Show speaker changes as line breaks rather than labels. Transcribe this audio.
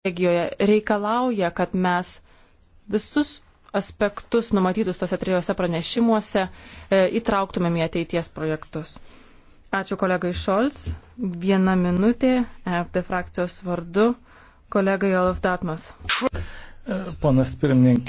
strategijoje reikalauja, kad mes visus aspektus numatytus tose trijose pranešimuose e, įtrauktumėm į ateities projektus. Ačiū kolegai Šolz. Viena minutė e FD frakcijos vardu kolegai Olaf Datmas.
Ponas pirmininkė.